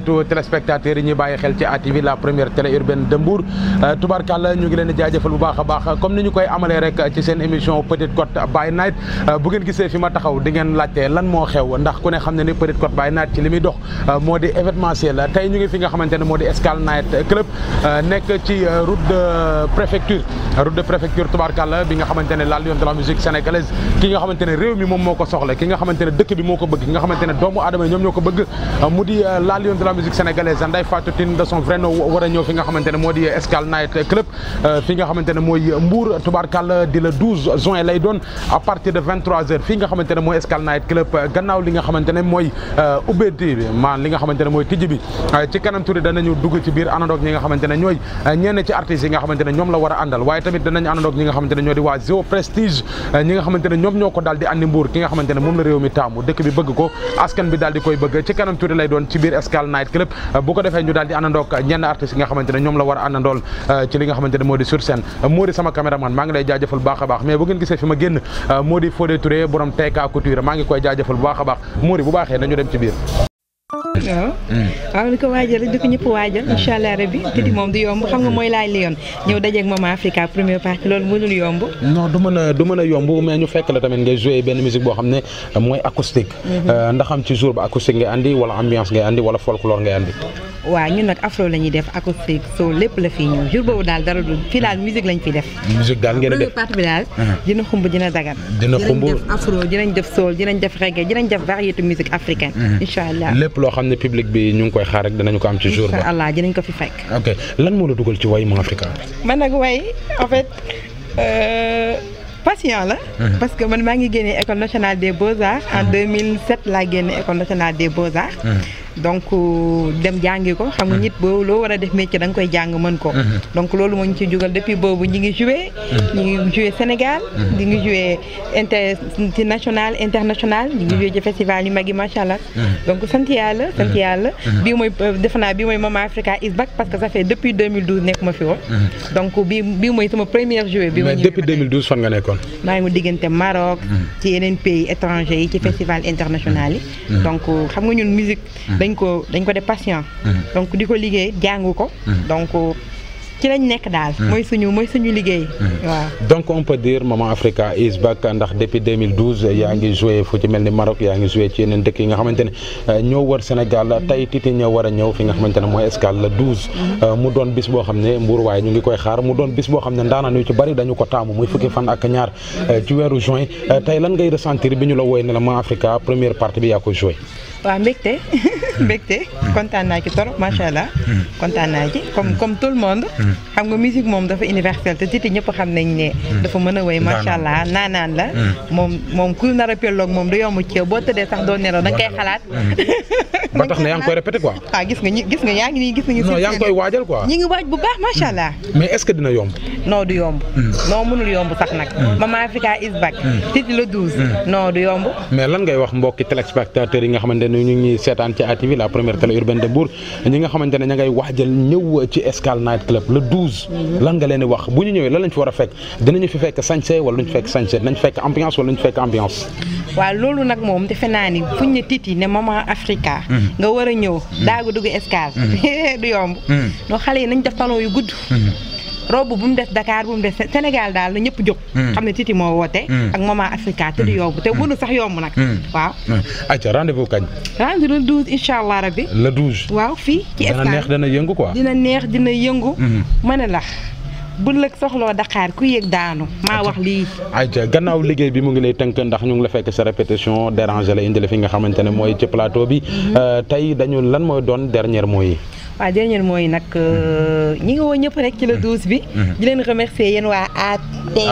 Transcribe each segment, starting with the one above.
tout téléspectateurs yi ñuy bàyyi xel ci ATV la première télé urbaine de Mbour euh, tubarkàlla ñu ngi leen di jaajëfal bu baax a baax comme ni ñu koy amalee rek ci seen émission Petite Côte by Night euh, bu ngeen gisee fi ma taxaw di ngeen laajte lan moo xew ndax ku ne xam ne ni Petite Côte by Night ci li muy dox euh, moo di événementiel tey ñu ngi fi nga xamante ne moo di Escale Night Club nekk ci route de préfecture route préfecture tubarkàlla bi nga xamante ne la lion de la musique sénégalaise ki nga xamante moo ko soxla ki nga xamante ne dëkk bi moo ko bëgg ki nga xamante ne doomu aadama yi ñoom ñoo ko de la musique sénégalaise Ndeye Fatou Tine de son vrai nom wara a fi nga xamantene ne Escal Night Club fi nga xamantene moy Mbour tubaarkàlla di le 12 juin lay doon à partir de 23h fi nga xamantene moy Escal Night Club gannaaw li nga xamantene moy mooy ubbeeti bi maanaam li nga xamantene moy mooy tijji bi ci kanam tuuti danañu dugg ci biir anandoog ñi nga xamantene ñoy ñooy ci artistes yi nga xamantene ñom la wara andal waye waaye tamit danañ anandoog ñi nga xamantene ñoy di wa Zéo Prestige ñi nga xamantene ñom ñoko ñoo di andi Mbour ki nga xamantene ne la réew mi taamu dëkk bi bëgg ko askan bi daal di koy bëgg ci kanam touré lay doon ci biir Escal Night Club bu ko defee ñu daal di àndandoog ñenn artistes yi nga xamante ne ñoom la war a àndandool euh, ci li nga xamante ne moo sur scène euh, moo di sama caméraman maa ngi lay jaajëfal baax a baax mais bu ngeen gisee fi ma génn euh, moo di Fodé Touré borom TK Couture maa koy jaajëfal baax a baax moo di bu baaxee nañu dem ci biir waaw mm. waaw li ko waajal rek di ko ñëpp waajal mm. incha allah rabbi mm. te di moom du yomb xam nga mooy laaj li ñëw dajeeg Maman Africa première partie loolu mënul yomb non du mën a a yomb mais ñu fekk la tamit ngay joué benn musique boo xam ne mooy acoustique mm-hmm. euh, ndax am ci jour ba acoustique ngay andi wala ambiance ngay andi wala folklore ngay andi waaw ñun nag afro la def acoustique so lépp la fii ñëw jour boobu daal dara du fii daal musique fi def musique daal ngeen def partie bi daal uh-huh. dina xumb dina dagat dina xumb dinañ def ne public bi ñu ngi koy xaar rek danañu ko am ci jour ba incha allah dinañ ko fi fekk. ok lan moo la dugal ci way mu Africa. man nag way en fait euh, patient la. Mhm. parce que man maa ngi génne école nationale des beaux arts en mhm. laa génne école nationale des beaux arts. Mhm. donc euh, dem jàngi ko xam nga hmm. nit bo lo wara def métier da koy jang man ko hmm. donc lolou mo ngi ci jugal depuis boobu ñi ngi jouer hmm. ñi ngi jouer Sénégal di ngi jouer international international ñi ngi jouer ci festival yu mag machallah donc sant yalla sant yalla bi moy euh, defe naa bii mooy Maman Africa is back parce que ça fait depuis 2012 nek ma fi won donc bi bii mooy sama première jouer bi mais depuis 2012 fan nga nekkoon ma ngi diggante Maroc ci yeneen pays étrangers yi ci festival international yi donc euh, xam nga ñun musique dañ ko dañ ko def patient. Mhm. donc di ko liggéey jàngu ko. Mhm. donc ci lañ nekk daal. Mhm. mooy suñu mooy suñu liggéey. waaw donc on peut dire Maman Africa is back ndax depuis 2012 yaa ngi joué fu ci mel ni Maroc yaa ngi joué ci yeneen dëkk yi nga xamante ne euh, ñoo war Sénégal tey titi ñoo war a ñëw fi nga xamante ne mooy Escale la 12. Euh, mu doon bis boo xam ne Mbour ñu ngi koy xaar mu doon bis boo xam ne ndaanaan yu ci bari dañu ko taamu muy fukki fan ak ñaar euh, ci weeru juin tey lan ngay ressentir bi ñu la woy ne la Maman Africa première partie bi yaa ko joué. waaw mbégte mbégte kontaan naa ci torop macha allah. Mm. kontaan comme mm. comme tout le monde. Mm. xam nga musique moom dafa universelle te Titi ñëpp xam nañ ne. dafa mën a woy macha allah naanaan la. moom ku nar a moom du yomb ci yow boo tëddee sax doo nelaw da xalaat. ba tax na yaa ngi koy répété quoi. ah gis nga ñi gis nga yaa ngi nii gis nga. non yaa ngi koy waajal quoi. ñi ngi waaj bu baax macha allah. mais est dina yomb. non du yomb. non mënul yomb sax TV la première télé urbaine de Mbour ñi nga xamante ne ña ngay wax jël ñëw ci Escale Night Club le 12. Mhm. nga leen wax bu ñu ñëwee lan lañ fi war a fekk dinañu fi fekk sañse wala duñ fekk sañse fekk ambiance wala duñ fekk ambiance. waaw loolu nag moom defe naa ni fuñ ne titi ne maman Africa. Mhm. nga war a ñëw mhm. daagu dugg Escale. du yomb. donc xale yi nañ def talon yu gudd. robb bu mu des dakaar bu mu des Sénégal daal na ñëpp jóg. Hmm. xam ne tiiti moo woote. Hmm. ak Mama Africa te du hmm. yomb te mënu sax yomb nag. waaw. ayca rendez-vous kañ. rendez-vous le 12 incha allah rabi. le 12. waaw fii ci Espagne dana neex dana yëngu ko dina neex dina yëngu. mën a lax. bu lëg soxloo Dakar ku yéeg daanu maa wax lii ayca gannaaw liggéey bi mu ngi lay tënk ndax ñu ngi la fekk sa répétition déranger la indi la fi nga xamante ne mooy ci plateau bi euh, tey dañu lan mooy doon dernier mot waaw dernier mooy nag euh, mhm. ñu ngi woo ñëpp rek ci la mhm. douze bi mhm. di leen remercier yéen waa a a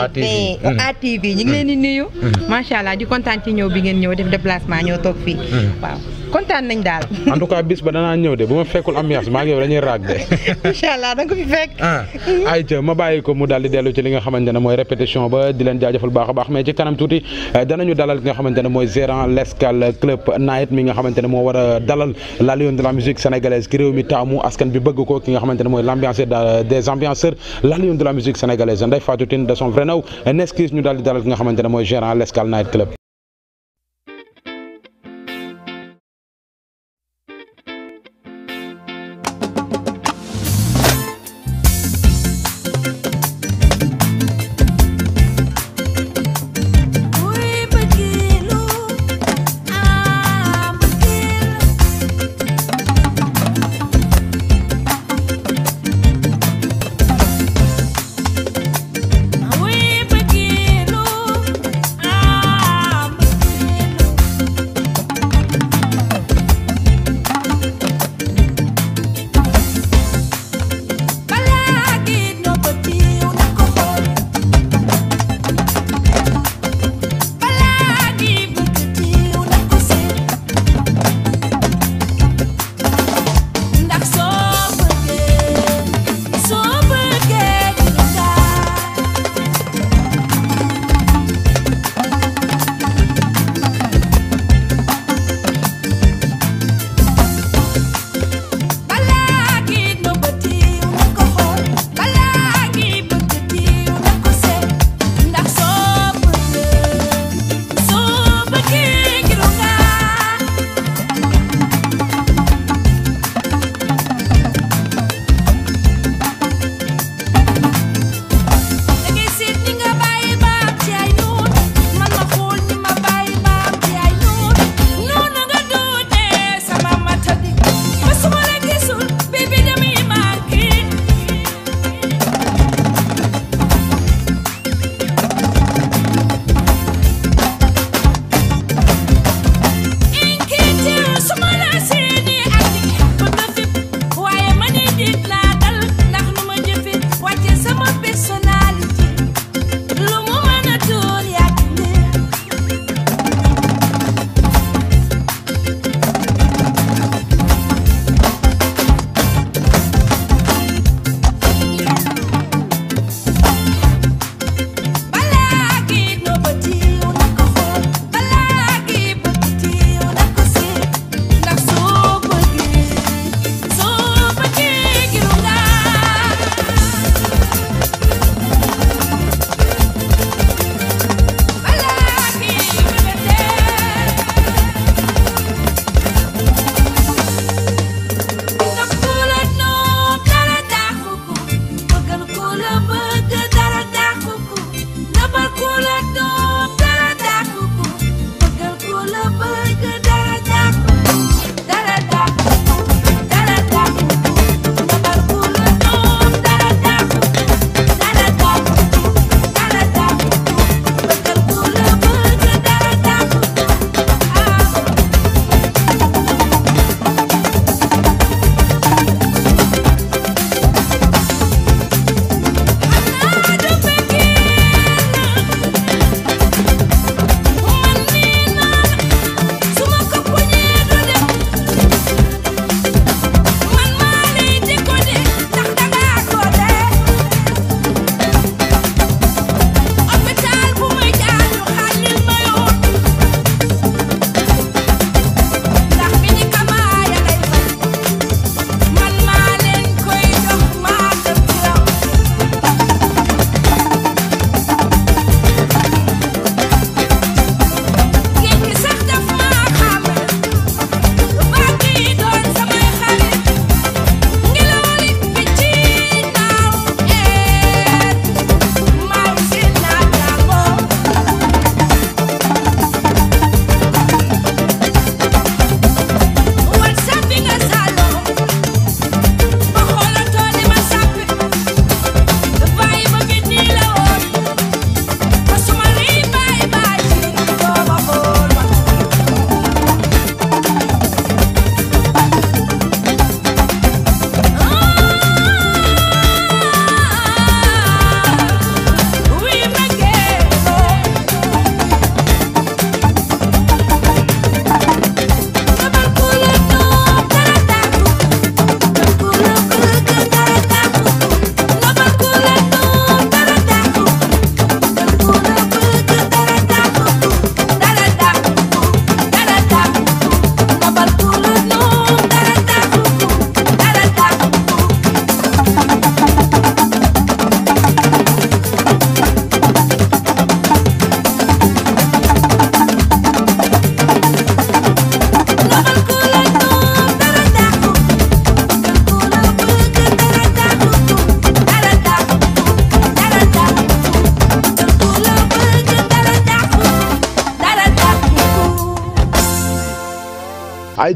ATV ATV ñu ngi leen di nuyu macha allah di kontaan ci ñëw bi ngeen ñëw def déplacement ñoo toog fii waaw kontaan nañ daal. en tout cas bis ba danaa ñëw de bu ma fekkul ambiance maa ngi yow dañuy raag de. incha allah da nga ko fi fekk. ah ayca ma bàyyi ko mu daal di dellu ci li nga xamante ne mooy répétition ba di leen jaajëfal baax a baax mais ci kanam tuuti danañu dalal ki nga xamante ne mooy gérant l'escale club night mi nga xamante ne moo war a dalal la lion de la musique sénégalaise ki réew mi taamu askan bi bëgg ko ki nga xamante ne mooy l'ambianceur des ambianceurs la lion de la musique sénégalaise Ndeye Fatou Tine de son vrai nom Neskis ñu daal di dalal ki nga xamante ne mooy gérant l'escale night club.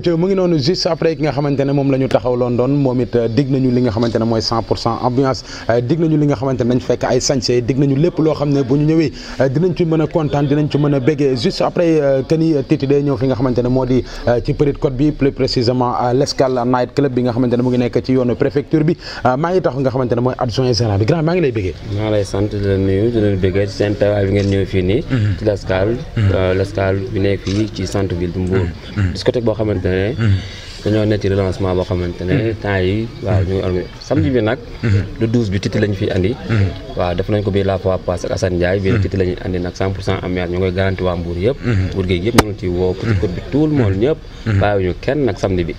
Diop mu ngi noonu juste après ki nga xamante moom la taxaw loon moom it dig nañu li nga xamante mooy ambiance dig nañu li nga xamante ne euh, fekk ay sañse dig nañu lépp loo xam ne bu ñu ñëwee euh, dinañ ci mën a kontaan dinañ ci mën a béggee euh, maa ngi taxaw nga xamante mooy adjoint général grand maa ngi lay béggee maa lay sant di la seen tawaay bi ngeen ñëw fii nii mm-hmm. ci l'Escale mm-hmm. l'Escale bi nekk fii ci centre ville bu Mbour mm-hmm. discothèque boo xamante ne ne mm. dañoo nekk ci relancement boo xamante ne mm. temps yi waaw mm. ñu ngi organisé samedi bi nag le 12 bi titi lañ fi andi waaw def nañ ko bii la fois passée ak Assane Ndiaye bii titi lañuy andi nag 100 pour cent amiage ñu ngi garanti waa Mbour yëpp Mbour gi yëpp ñu ngi ciy woo ci code bi tout le monde ñëpp bàyyiwuñu kenn nag samedi bi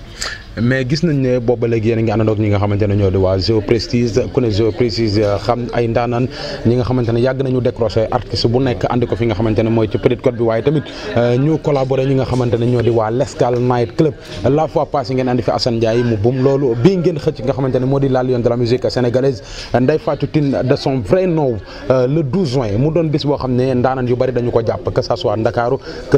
mais gis nañ ne booba léegi yéen a ngi àndandoog ñi nga xamante ñoo di waa Géo Prestige ku ne Géo euh, xam ay ndaanaan ñi nga xamante yàgg nañu décroché artiste bu nekk andi ko fi nga xamante ne mooy ci Petite Côte bi waaye tamit euh, ñu collaboré ñi nga xamante ñoo di waa L'Escale Night Club la fois passée ngeen andi fi Assane Ndiaye mu bum loolu bii ngeen xëcc nga xamante ne moo di la Lion de la musique sénégalaise Ndeye Fatou Tine de son vrai euh, doon bis xam ne ndaanaan yu bari dañu ko jàpp que ça soit Ndakaaru que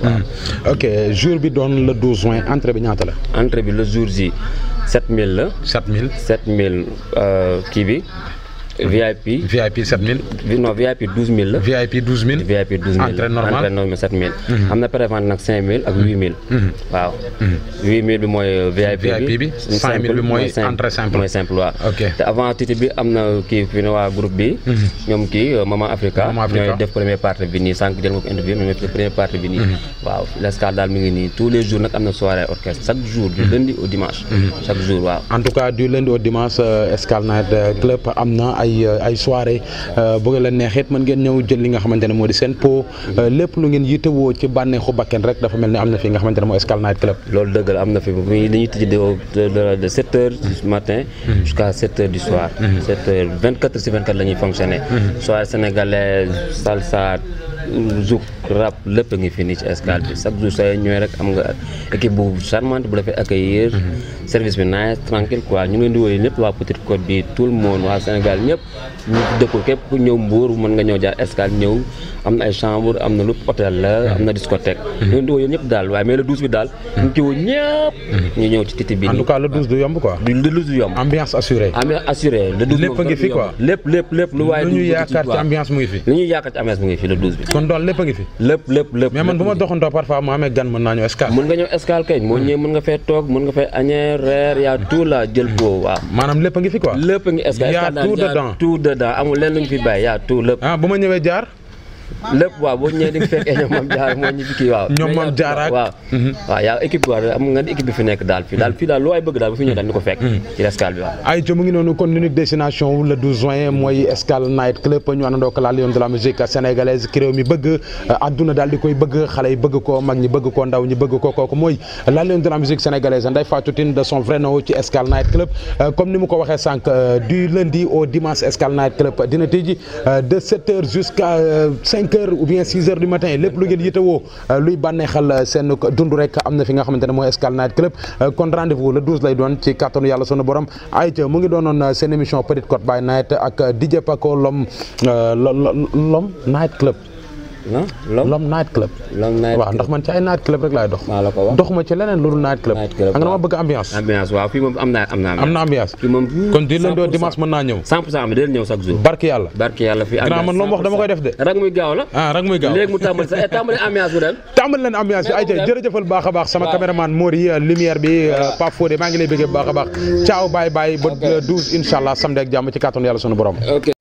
Hmm. ok jour bi donne le 12 juin entrée bi ñata la. entrée bi le jour ji 7000 7000 7000 VIP. VIP 7000. non VIP 12000 VIP 12000. VIP 12000 normal 7000. 5000 ak 8000. Mhm. waaw. 8000 VIP 5000 entrée simple simple avant titre bi amna le groupe bi. Mhm. Euh, Maman Africa. Maman def premier partie partie mhm. tous les jours orchestre chaque jour du lundi au dimanche. chaque jour en tout cas du lundi au dimanche euh, euh, Club ay euh, ay soirée euh, bu ngeen la neexee mën ngeen ñëw jël li nga xamante moo di seen pot euh, lépp lu ngeen yitewoo ci bànneexu bakken rek dafa mel ni am na fi nga xamante ne Escale Night Club. loolu dëgg am na fi muy dañuy tijji de 7 mm-hmm. heures du soir. 7 mm-hmm. heures 24 heures sur 24 la ñuy fonctionner. Mm-hmm. soirée sénégalaise salsa. zuk rap lepp ngi fini ci escale bi chaque jour say ñoy rek am nga équipe bu charmante bu la fi accueillir mhm. service bi nice tranquille quoi ñu ngi woyé lepp wa petite côte bi tout le monde wa Sénégal ñep ñu dekk kep ku ñew mbour mën nga ñew jaar escale ñew am na ay chambre am na lu hôtel la mhm. am na discothèque mhm. ñu ngi woyé ñep dal way mais le 12 bi dal ñu ci woo ñep ñu ñew ci titi bi en tout cas le 12 du yomb quoi le 12 du yomb ambiance assurée ambiance assurée le 12 lepp nga fi quoi lepp lepp lepp lu way ñu yaakaar ci ambiance mu ngi fi ñu yaakaar ci ambiance mu ngi fi le 12 bi kon doon lépp a ngi fi. nga ñëw escale kañ moo nga fay toog mën nga fay añee reer yaa tout jël boobu waaw. Ah, maanaam lépp a ngi fi quoi. lépp a ngi escale yaa tout dedans tout amul lenn lu ñu fi bàyyi yaa tout ah, bu ma ñëwee jaar. lépp waaw boo ñëwee di nga fekkee ñoom Mame Diarra moo ñu kii waaw ñoom mhm. équipe bi fi nekk daal fii daal lu waay bëgg daal bu fi ñëwee daal ni ko fekk mhm. ci escale bi night club ñu àndandoo ko de la musique sénégalaise ki mi bëgg adduna euh, daal di koy bëgg xale yi bëgg ko mag ñi bëgg ko ndaw ñi bëgg ko kooku mooy la de la musique sénégalaise Ndeye Fatou Tine de son vrai nom ci escale night club euh, comme ni mu ko waxee sànq euh, du lundi au dimanche escale night club dina 5 heures ou bien 6 heures du matin lépp lu ngeen yitewoo euh, luy bànneexal euh, seen dund rek am na fi nga xamante ne mooy Escale Night Club euh, kon rendez-vous le 12 lay doon ci kattanu yàlla sunu borom ayca mu ngi doonoon seen émission Petite Côte by Night ak di DJ Paco Lom Lom Night Club non Lom night club. Lom ndax man ci ay night club rek laay dox. maa la ko wax doxuma ci leneen loolu night club. night club nga dama bëgg ambiance. ambiance ambiance kon di lundi dimanche mën naa ñëw. barki yàlla barki yàlla fii. ambiance grand man loom wax dama koy def de. rang muy gaaw la. ah rang muy gaaw léegi mu eh, ambiance bu dem. baax a baax sama caméraman Mori lumière bi euh, Pape Fodé maa ngi lay bëggee bu baax a baax ciao bye bye ba 12 incha allah samedi ak jàmm ci kàttanu